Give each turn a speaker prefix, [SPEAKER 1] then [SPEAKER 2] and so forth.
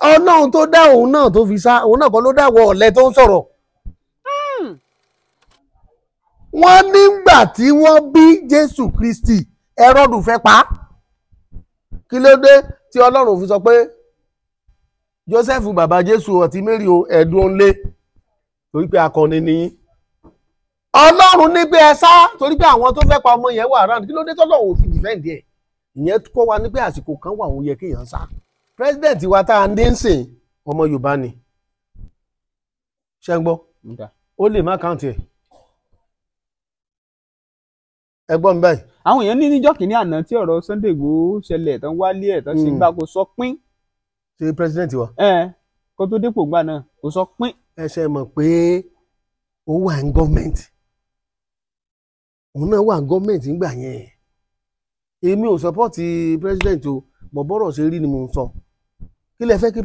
[SPEAKER 1] ọlọ́run tó dá òun náà tó fi sá òun náà kọ́ ló dáwọ́ ọ̀lẹ tó ń sọ̀rọ̀ hmm. wọ́n nígbà tí wọ́n bí Jésù Kristi ẹrọ́dù fẹ́ pa kí ló dé tí ọlọ́run fi sọ pé Joseph bàbá Jésù àti Mary o ẹ̀dùn ọ̀nlé torí pé akọni nìyí ọlọ́run ní pé ẹ sá torí pé àwọn tó fẹ́ pa ọmọ yẹn wà rántí kí ló dé tọ́lọ́run ò fi dìfẹ́ǹdì ẹ̀ ìyẹn kọ́ wa ní pé àsìkò kan wà òun yẹ kéèyàn sá. president wa ta ndị ń ọmọ yorùbá ni ṣe ń gbọ́ ó lè má káàntì
[SPEAKER 2] ẹ̀ ẹ gbọ́ mi báyìí. àwọn èèyàn ní níjọ́ kìíní àná tí ọ̀rọ̀ Sunday Igboho ṣẹlẹ̀ tán wálé ẹ̀ tán ṣe gbá hmm. kó sọ pín. ṣe president wa. ẹ kó tó dépò gbà náà kó sọ pín. ẹ ṣe mọ̀ pé ó wà
[SPEAKER 1] ní gọ́ọ̀mẹ̀ntì òun náà wà ní gọ́ọ̀mẹ̀ntì ńgbà yẹn èmi ò sọpọ́ọ̀tì president o mọ̀ bọ́rọ̀ ṣe rí ni mo ń sọ. ele é fait